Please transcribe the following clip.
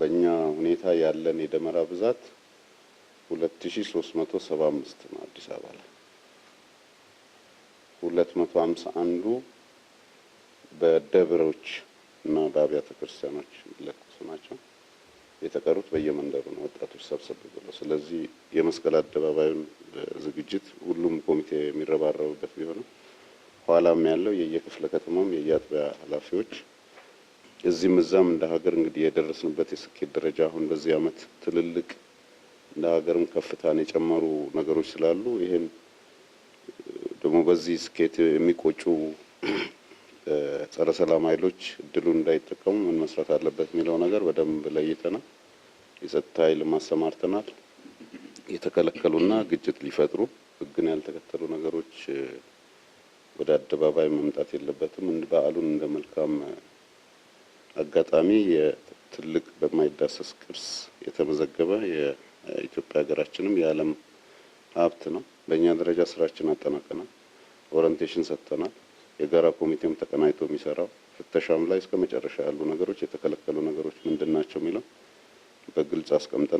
በእኛ ሁኔታ ያለን የደመራ ብዛት 2375 ነው። አዲስ አበባ ላይ 251ዱ በደብሮች እና በአብያተ ክርስቲያኖች የሚለኮሱ ናቸው። የተቀሩት በየመንደሩ ነው ወጣቶች ሰብሰብ ብለው። ስለዚህ የመስቀል አደባባዩን ዝግጅት ሁሉም ኮሚቴ የሚረባረቡበት ቢሆንም ኋላም ያለው የየክፍለ ከተማም የየአጥቢያ ኃላፊዎች እዚህም እዛም እንደ ሀገር እንግዲህ የደረስንበት የስኬት ደረጃ አሁን በዚህ አመት ትልልቅ እንደ ሀገርም ከፍታን የጨመሩ ነገሮች ስላሉ ይሄን ደግሞ በዚህ ስኬት የሚቆጩ ጸረ ሰላም ኃይሎች እድሉን እንዳይጠቀሙ ምን መስራት አለበት የሚለው ነገር በደንብ ለይተናል። የጸጥታ ኃይል ማሰማርተናል። የተከለከሉና ግጭት ሊፈጥሩ ህግን ያልተከተሉ ነገሮች ወደ አደባባይ መምጣት የለበትም። በዓሉን እንደ መልካም አጋጣሚ የትልቅ በማይዳሰስ ቅርስ የተመዘገበ የኢትዮጵያ ሀገራችንም የዓለም ሀብት ነው። በእኛ ደረጃ ስራችን አጠናቀናል። ኦሪንቴሽን ሰጥተናል። የጋራ ኮሚቴውም ተቀናይቶ የሚሰራው ፍተሻም ላይ እስከ መጨረሻ ያሉ ነገሮች የተከለከሉ ነገሮች ምንድን ናቸው የሚለው በግልጽ አስቀምጠናል።